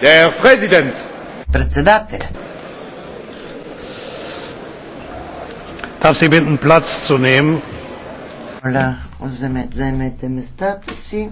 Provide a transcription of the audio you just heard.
Der Präsident. Председателя. Darf Sie bitten, Platz zu nehmen? Моля, вземете местата си.